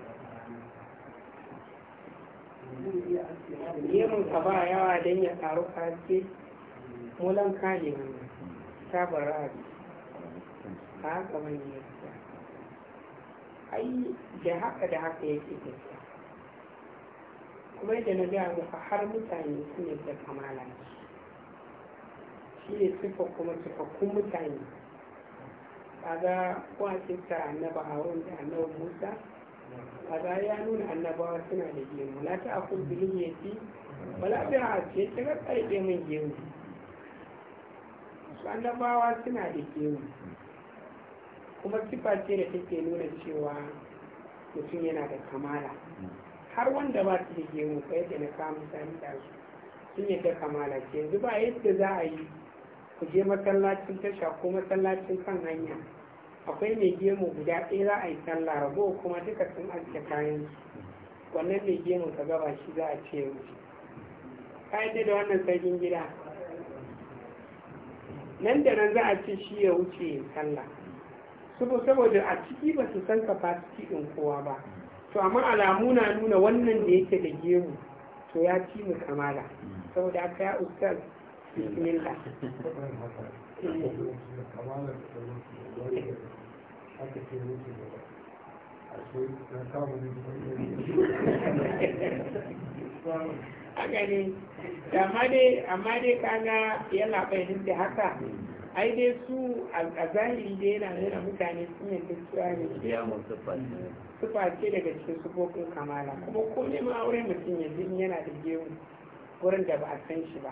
gemun ka ba yawa don ya karu haske mulan kaji wannan ta bara a haka mai yasa ai da haka da haka yake tafiya kuma yadda na gaya muka har mutane su ne da kamala shi ne sifa kuma sifakkun mutane ga kowace ta na baharun da annabi musa a baya ya nuna annabawa suna da gemu na ta akul bilin ya ci wala bi a ce ta ga karɓe min gemu su annabawa suna da gemu kuma sifa ce da take nuna cewa mutum yana da kamala har wanda ba su da gemu ka yadda na kawo misali da su sun yadda kamala ce yanzu ba yadda za a yi ku je masallacin tasha ko masallacin kan hanya akwai mai gemu guda ɗaya za a yi sallah rago kuma duka sun aske kayan su wannan mai gemu ka gaba shi za a ce wuce ka da wannan sarkin gida nan da nan za a ce shi ya wuce sallah saboda a ciki ba su san fasiki ɗin kowa ba to amma alamu na nuna wannan da yake da gemu to ya ci mu kamala saboda aka ya ustaz bismillah gani amma dai kaga yana bayanin da haka ai dai su a zahiri da yana nuna mutane sun yadda cewa ne sufa ce daga cikin sufofin kamala kuma ko ma aure mutum yanzu yana da gewu wurin da ba a san shi ba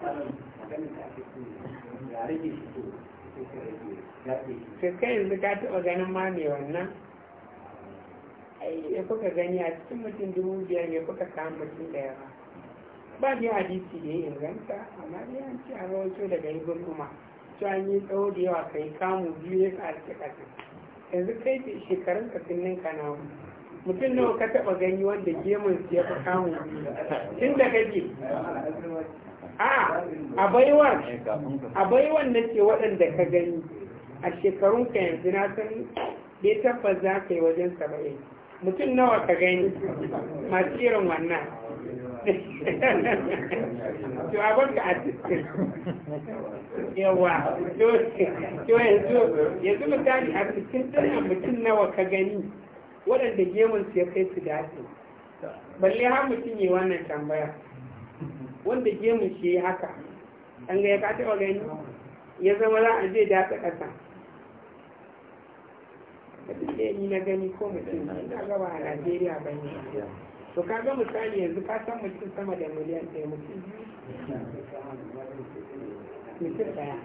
Sai yanzu ka taɓa ganin ma mai wannan ya kuka gani a cikin mutum dubu biyar ne kuka samu mutum da ba ba a hadisi da ya inganta amma dai an ci a rawaito daga ibn umar to an yi tsawo da yawa kai kamu biyu ya ka alƙi ƙasa yanzu kai shekarun ka sun ninka mutum nawa ka taɓa gani wanda gemun ya fi kamu biyu tun da kake a a baiwar a ke waɗanda ka gani a shekarun ka yanzu na san ya tabbas za ka yi wajen saba'in mutum nawa ka gani masu irin wannan to ka a cikin yawa to yanzu yanzu misali a cikin tsanan mutum nawa ka gani waɗanda gemunsu ya kai su dace balle har mutum yi wannan tambaya wanda gemun shi haka an ga ya ka taɓa gani ya zama za a zai da ta ƙasa da ni na gani ko mutum na gaba a najeriya ba ne to ka ga misali yanzu ka san mutum sama da miliyan ɗaya mutum mutum ɗaya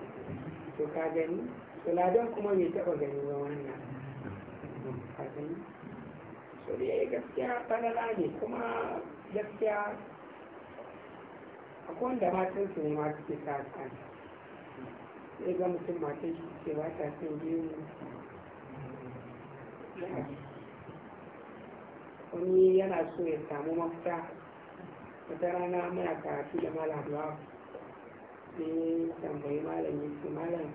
to ka gani tuladen kuma mai taɓa gani ba wannan ka gani so da ya yi gaskiya falala ne kuma gaskiya akwai wanda matan su ne ma suke sa kan sai ga mutum matan shi ce ba ta son ne wani yana so ya samu mafita wata rana muna karatu da malam ba sai tambayi malam ya ce malam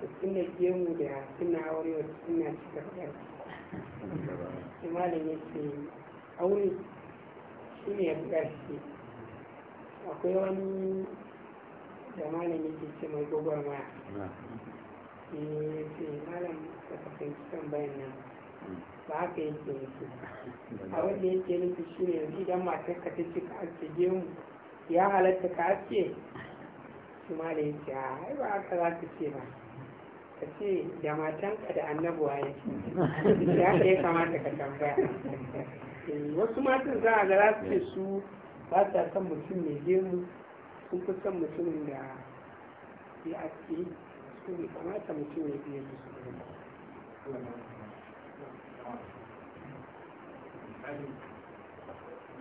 da suna gemu da suna aure wa suna cikar da malam ya ce aure shi ne ya fi ƙarfi akwai wani da malami ke ce mai gwagwarmaya ya ce malam ka fahimci kan bayan nan ba haka yake nufi A da yake nufi shi ne yanzu idan matar ka ta ce ka aske gemu ya halatta ka aske shi malam ya ce a ba haka za ka ce ba ka ce da matan ka da annabuwa ya ce ya kamata ka tambaya eh, wasu matan za a ga za su ce su ba ta san mutum mai gemu sun fi san mutumin da ya ake su ne kamata mutum ya biya su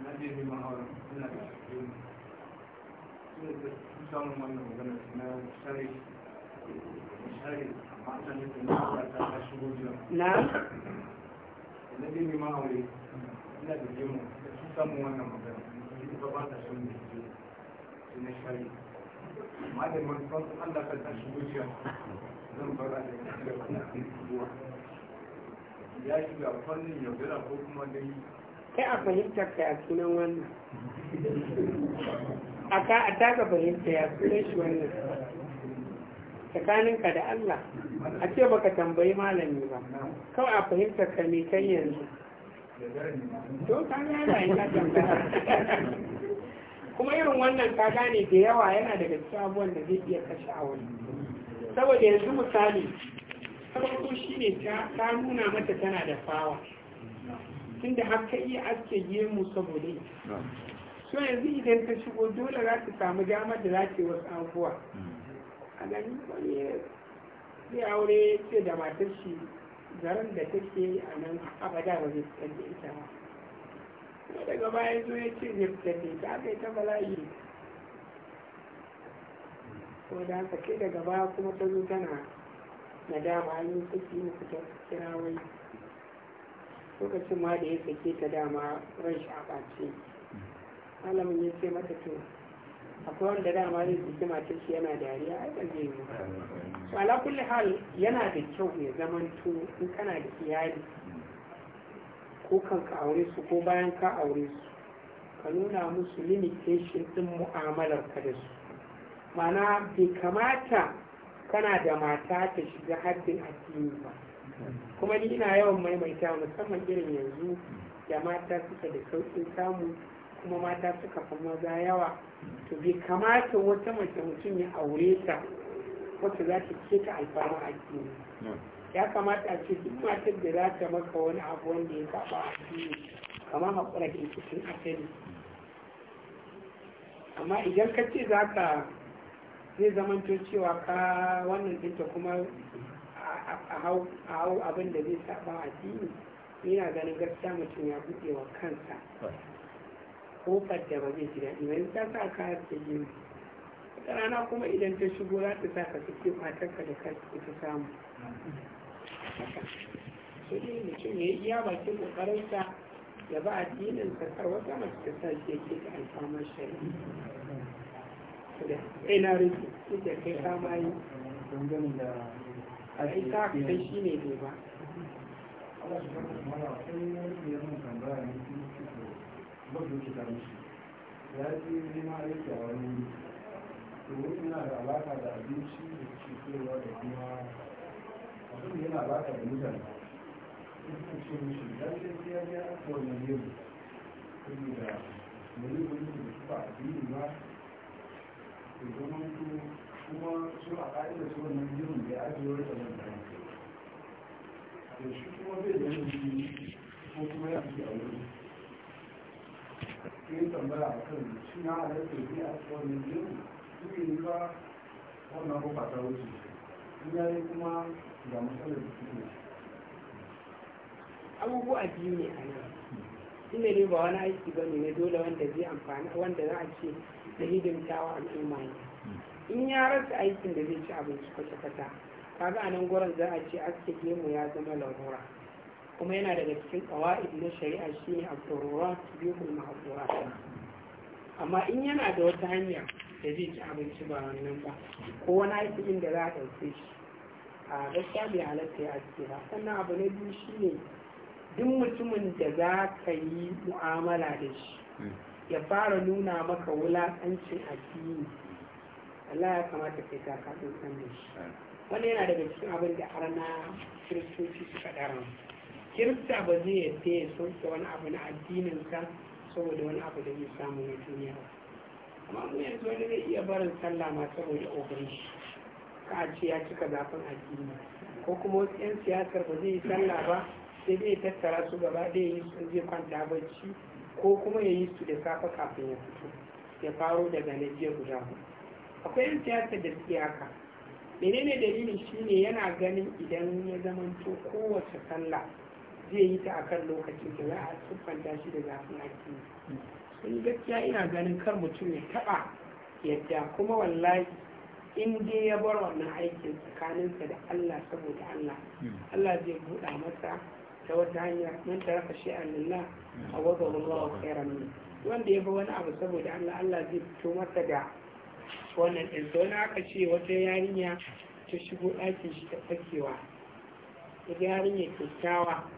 na je ne ina da shi ne samun wannan magana na da na shigo ne samun wannan magana ita ba ta son da ke na shari amma da manufan allah ka tashi zuciya zan fara da ya da wani zuwa ya shiga fannin yaudara ko kuma dai kai a fahimtar ka a sunan wannan a ka a taka fahimta ya sunan shi wannan tsakaninka da allah a ce baka tambayi malami ba kawai a fahimtar ka me kan yanzu to kuma irin wannan ka gane da yawa yana daga cikin abuwan da zai iya kashe a wani saboda yanzu misali farko ne ta nuna mata tana da fawa tunda da haka iya aske gemu saboda Su yanzu idan ta shigo dole za ta samu damar da za ta wasu abubuwa hmm. a gani wani zai aure ce da matar garin da take a nan abada ba zai fitar da ita ba kuma daga baya zo ya ce zai fitar da ita aka yi ta bala'i ko da haka ke daga baya kuma ta zo tana na an yi kuki muku ta kira wai lokacin ma da ya sake ta dama ran shi a ɓace malamin ya ce mata to akwai wanda dama zai jiki matar shi yana dariya a ban zai yi to kulli hal yana da kyau ya zamanto in kana da iyali ko kan ka aure su ko bayan ka aure su ka nuna musu limitation din mu'amalar ka da su mana bai kamata kana da mata ta shiga haddin addini ba kuma ni ina yawan maimaita musamman irin yanzu da mata suka da sauƙin samu kuma mata suka fa maza yawa to bai kamata wata mace mutum ya aure ta wata za ta ce ta alfarma addini ya kamata a ce duk matar da za ta maka wani abu wanda ya saba addini kamar haƙura da cikin asali amma idan ka ce za ka zai zamanto cewa ka wannan dinta kuma a hau abin da zai saba addini yana ganin gaskiya mutum ya buɗe wa kansa kofar da ba zai ji daɗi ba in ta sa ka ta yi Ta rana kuma idan ta shigo za ta sa ka suke ka da ka ta samu so ne mutum ya yi iya bakin ƙoƙarinsa ya ba addinin kasar wata mace ta sa shi yake da alfamar shari'a kai na rufe suke kai kama yi a yi ta kai shi ne ne ba mabukuta shi ya ce nema yake a wani wuri domin yana da alaka da abinci da cikewa da kuma abin yana alaka da mutane suka ce shi ya ce sai ya ga wannan yau saboda mai wani da suka addini ba da zama kuma su a ƙa'ida su wannan yau da ya ajiye wata nan da shi kuma bai da yanzu ko kuma ya fi a wurin abubuwa biyu ne a nan ilimi ba wani aiki ba ne na dole wanda zai amfani wanda za a ce da hidimtawa al'umma ne in ya rasa aikin da zai ci abinci kwata-kwata kaga a nan gurin za a ce aske gemu ya zama larura kuma yana daga cikin ƙawa'id na shari'a shi ne abdurruwa yukul mahdura amma in yana da wata hanya da zai ci abinci ba wannan ba ko wani aiki inda za a ɗauke shi a gaskiya bai halatta ya ake ba sannan abu na biyu shi ne duk mutumin da za ka yi mu'amala da shi ya fara nuna maka wulaƙancin addini Allah ya kamata kai ta kaɗin sannan shi wannan yana daga cikin abin da har na kiristoci suka ɗara kirista ba zai yadda ya sauke wani abu na addininsa saboda wani abu da zai samu na duniya ba amma mu yanzu wani zai iya barin sallah ma saboda ogun shi ka ce ya cika zafin addini ko kuma wasu 'yan siyasar ba zai yi sallah ba sai zai tattara su gaba ɗaya yi su zai kwanta bacci ko kuma ya yi su da safe kafin ya fito ya faro daga na jiya guda ba. akwai 'yan siyasar da suke haka menene dalilin shine yana ganin idan ya zamanto kowace sallah zai yi ta akan lokacin da za a siffanta shi da zafin addini sun gaskiya ina ganin kar mutum ya taɓa yadda kuma wallahi in dai ya bar wannan aikin tsakaninsa da Allah saboda Allah hmm. Allah zai buɗa masa ta wata hanya nan ta raka shi hmm. Allah a waga wallawa khairan min wanda ya fi wani abu saboda Allah Allah zai fito masa da wannan ɗin to na aka ce wata yarinya ta shigo ɗakin shi ta fakewa ta yarinya kyakkyawa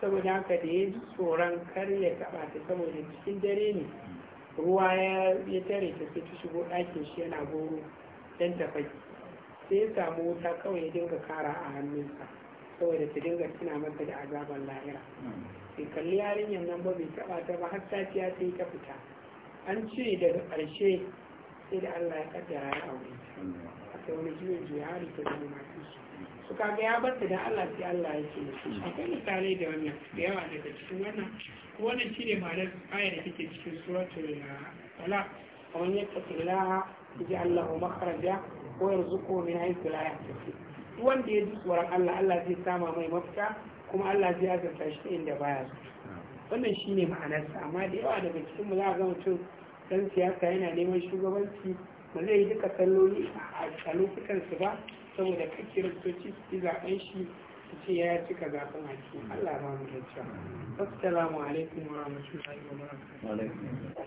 saboda haka da ya ji tsoron kar ya taba ta saboda cikin dare ne ruwa ya tare ta sai ta shigo ɗakin shi yana goro don ta sai ya samu wuta kawai ya dinga kara a hannunsa saboda ta dinga tuna masa da azaban lahira sai kalli yarinyar nan ba bai taba ta ba har safiya sai ta fita an ce daga ƙarshe sai da Allah ya kaddara ya aure ta juyin juya ta zama masu su su kaga ya bar da Allah sai Allah ya ce akwai misalai da wannan da yawa daga cikin wannan wannan shine ma'anar ayar da take cikin suratul talaq ومن يتق الله يجعل له مخرجا ويرزقه من حيث لا يحتسب wanda ya ji tsoron Allah Allah zai sama mai mafita kuma Allah zai azanta shi inda baya so wannan shine ma'anarsa amma da yawa daga cikin mu za ga mutum dan siyasa yana neman shugabanci ba zai yi duka salloli a lokutan su ba saboda ka kiristoci su yi zaɓen shi su ce ya cika zaɓen haƙi Allah ba mu da cewa. Assalamu alaikum wa rahmatullahi wa barakatuh.